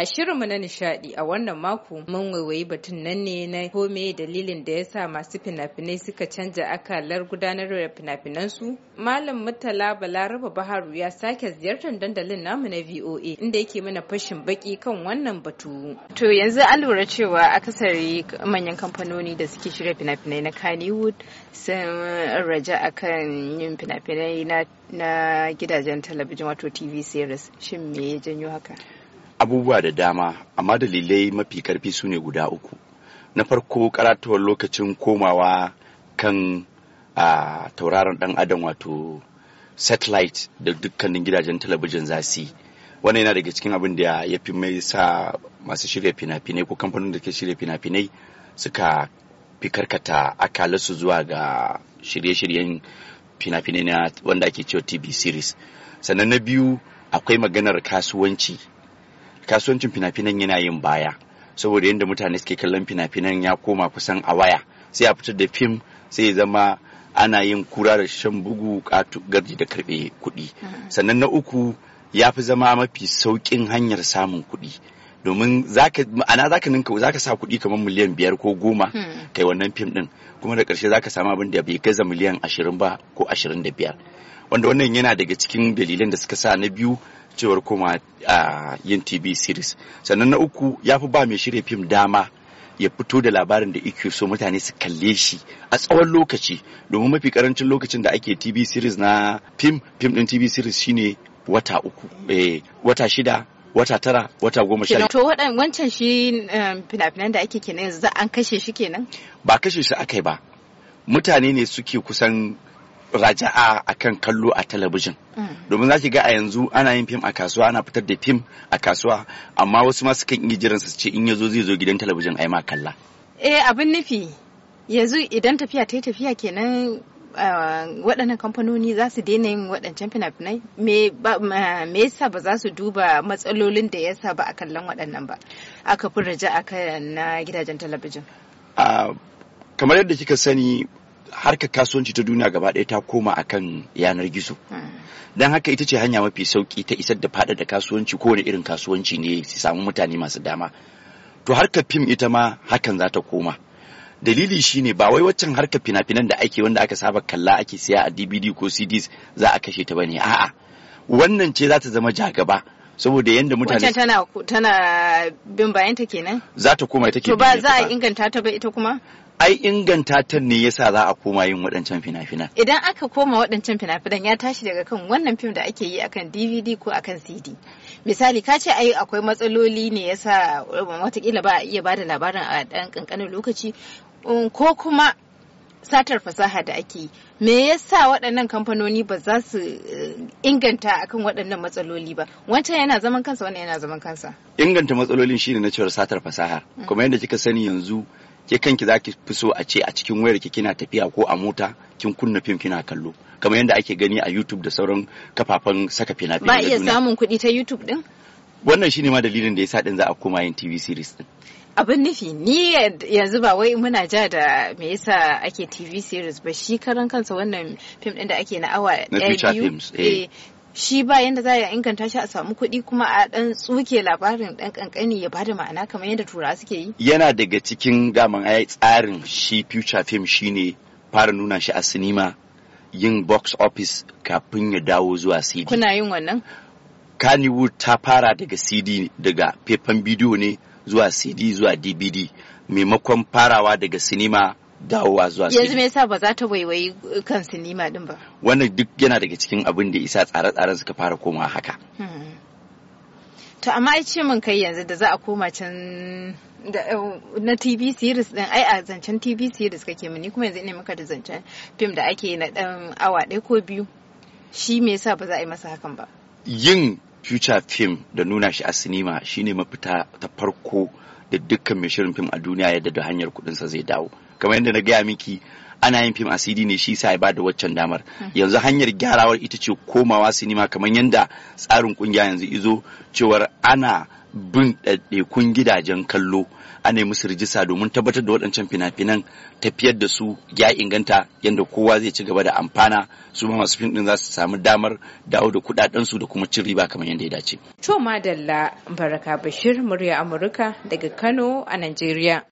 A shirinmu na nishadi a wannan mako mun waiwayi batun nan ne na kome dalilin da ya sa masu fina-finai suka canza akalar gudanar da fina-finansu. Malam Murtala Balaraba Baharu ya sake ziyartar dandalin namu na VOA inda yake mana fashin baki kan wannan batu. To yanzu an lura cewa akasari manyan kamfanoni da suke shirya fina-finai na Kannywood sun raja akan yin fina-finai na gidajen talabijin wato TV series. Shin me ya janyo haka? abubuwa da dama amma dalilai mafi karfi su ne guda uku na farko karatuwar lokacin komawa kan a tauraron dan adam wato satellite da dukkanin gidajen talabijin za su yi wannan yana daga cikin abin da ya fi mai sa masu shirya fina-finai ko kamfanin da ke shirya fina-finai suka fi karkata akalarsu zuwa ga shirye-shiryen fina-finai na wanda ake cewa tv series sannan na biyu akwai maganar kasuwanci kasuwancin fina-finan yana yin baya saboda yadda mutane suke kallon fina-finan ya koma kusan a waya sai a fitar da fim sai ya zama ana yin kura da shan bugu garji da karbe kuɗi mm-hmm. sannan na uku ya fi zama mafi sauƙin hanyar samun kuɗi domin ana zaka ninka zaka sa kuɗi kamar miliyan biyar ko goma hmm. kai wannan fim ɗin kuma da ƙarshe zaka samu abin da bai gaza miliyan ashirin ba ko ashirin da biyar wanda wannan yana daga cikin dalilan da suka sa na biyu cewar kuma a yin tv series sannan na uku ya fi ba mai shirya fim dama ya fito da labarin da ike so mutane su kalle shi a tsawon lokaci domin mafi karancin lokacin da ake tv series na fim fim din tv series shine wata uku eh, wata shida wata tara wata goma sha to waɗan wancan shi eh, fina-finan da ake kenan yanzu an kashe shi kenan ba kashe shi aka yi ba mutane ne suke kusan raja'a akan kallo a talabijin mm. domin za ki ga a yanzu ana yin fim a kasuwa ana fitar da fim a kasuwa amma wasu ma sukan iya jiran ce in yazo zai zo gidan talabijin yi ma kalla eh abin nufi yanzu idan tafiya ta yi tafiya kenan ah, waɗannan kamfanoni za su daina yin waɗancan fina-finai me yasa ba za su duba matsalolin da ya sa ba a kallon waɗannan ba aka fi raja a na gidajen talabijin ah, kamar yadda kika sani harkar kasuwanci ta duniya gaba ɗaya ta koma akan yanar gizo don haka ita ce hanya mafi sauki ta isar da da kasuwanci kowane irin kasuwanci ne su samu mutane masu dama to harkar fim ita ma hakan za ta koma dalili shine ba wai waccan harkar fina-finan da ake wanda aka saba kalla ake siya a dvd ko cds za a kashe ta bane a'a wannan ce za ta zama jagaba saboda yadda mutane Wancan tana tana bin bayanta kenan za ta koma ita ke to ba za a inganta ta ba ita kuma ai inganta ta ne yasa za a koma yin waɗancan fina-finan. Idan aka koma waɗancan fina-finan ya tashi daga kan wannan fim da ake yi akan DVD ko akan CD. Misali ka ce ai akwai matsaloli ne yasa watakila ba a iya bada labarin a ɗan ƙanƙanin lokaci um, ko kuma satar fasaha da ake yi me yasa waɗannan kamfanoni ba za su eh, inganta akan waɗannan matsaloli ba wancan yana zaman kansa wannan yana zaman kansa inganta matsalolin shine na cewar satar fasaha mm. kuma yadda kika sani yanzu ke kanki zaki fi so a ce a cikin wayar ki kina tafiya ko a mota kin kunna fim kina kallo kamar yadda ake gani a YouTube da sauran kafafen saka fina-finai ba iya samun kuɗi ta YouTube din wannan shine ma dalilin da yasa din za a koma yin TV series din abin nufi ni yanzu ba wai muna ja da me yasa ake TV series ba shi karan kansa wannan fim din da ake na awa na feature films eh. Eh, shi ba yadda za a inganta shi a samu kuɗi kuma a ɗan tsuke labarin ɗan ƙanƙani ya bada ma'ana kamar yadda turawa suke yi. Yana daga cikin daman ai tsarin shi future film shine fara nuna shi a sinima yin box office kafin ya dawo zuwa CD. Kuna yin wannan? Kannywood ta fara daga CD daga faifan bidiyo ne zuwa CD zuwa DVD maimakon farawa daga sinima dawowa zuwa yanzu me yasa ba za ta waiwayi eh, kan sinima din ba wannan duk yana daga cikin abin da isa tsare-tsaren suka fara komawa haka hmm. to amma ai ce min kai yanzu da za a koma can eh, na TV series din ai a zancen TV series kake mini kuma yanzu ne maka da zancen fim da ake na ɗan awa ɗaya ko biyu shi me yasa ba za a yi masa hakan ba yin future film da nuna shi a sinima shine mafita ta farko da dukkan mai shirin fim a duniya yadda da hanyar kuɗinsa zai dawo kamar yadda na gaya miki ana yin fim a cd ne shi sa ya da waccan damar hmm. yanzu hanyar gyarawar ita ce komawa sinima kamar yadda tsarin kungiya yanzu izo cewar ana bin ɗaiɗaikun gidajen kallo ana musu rijista domin tabbatar da waɗancan fina-finan tafiyar da su ya inganta yadda kowa zai ci gaba da amfana su ma masu fim ɗin za su samu damar dawo da kuɗaɗensu da kuma cin riba kamar yadda ya dace. To Dalla, Baraka Bashir murya Amurka daga Kano a Najeriya.